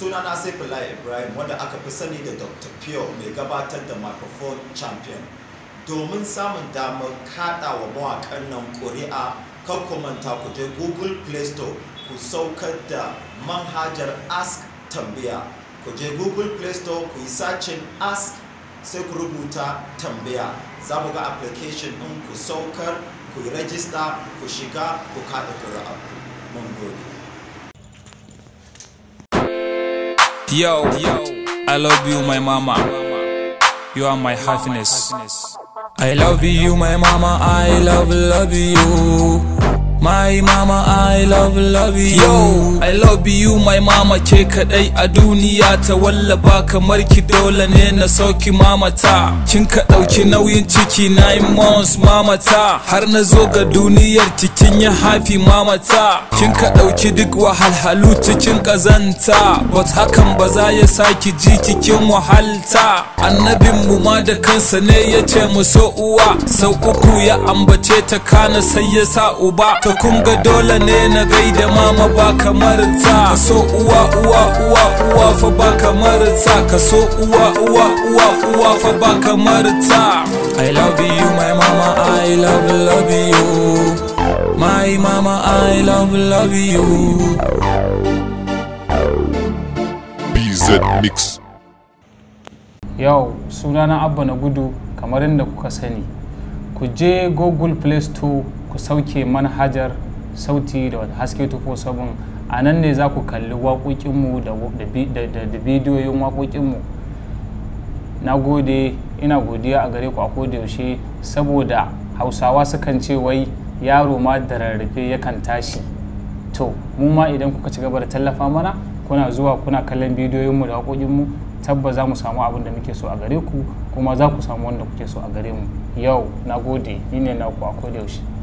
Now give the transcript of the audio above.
suna na sai ibrahim wanda aka fi sani da dr pio mai gabatar da microphone champion domin samun damar kada wa mawakan nan ƙuri'a kan kumanta ku je google play store ku saukar da manhajar ask tambaya ku je google play store ku yi sacin ask sai ku rubuta tambaya za mu ga application ɗin ku saukar ku yi rajista ku shiga ku kada ƙuri'a mun gode Yo, I love you, my mama. You are my happiness. I love you, my mama. I love, love you. My mama, I I love love you Yo, I love you my mama ke kadai a duniya ta wallaba kamar ki dole ne na sauki mama ta Kin ka dauki nauyin ciki nine months mama ta Har na zo ga duniyar cikin ya hafi mama ta Kin ka dauki duk wahalhalu cikin kazanta But hakan ba za ya saki ji cikin wahalta Annabin mu ma da kansa ne ya ce mu so uwa Sau uku ya ambace ta kana sai ya sa uba ta kun dole ne na gaida mama ba kamar ta kaso uwa uwa uwa uwa fa ba kamar ta kaso uwa uwa uwa uwa fa ba kamar ta I love you my mama I love love you my mama I love love you BZ Mix Yau na Abba na gudu kamar inda kuka sani ku je Google Play Store ku sauke manhajar sauti da haske 247 a nan ne za ku kalli waƙoƙinmu da bidiyoyin waƙoƙinmu na gode ina godiya a gare ku a yaushe saboda hausawa sukan ce wai yaro ma da rarrafe yakan tashi to mu ma idan kuka ci gaba da tallafa mana kuna zuwa kuna kallon bidiyoyinmu da waƙoƙinmu tabba za mu samu abin da muke so a gare ku kuma za ku samu wanda kuke so a gare mu yau na gode ni ne ku a yaushe